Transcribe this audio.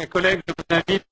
Mes collègues, je vous invite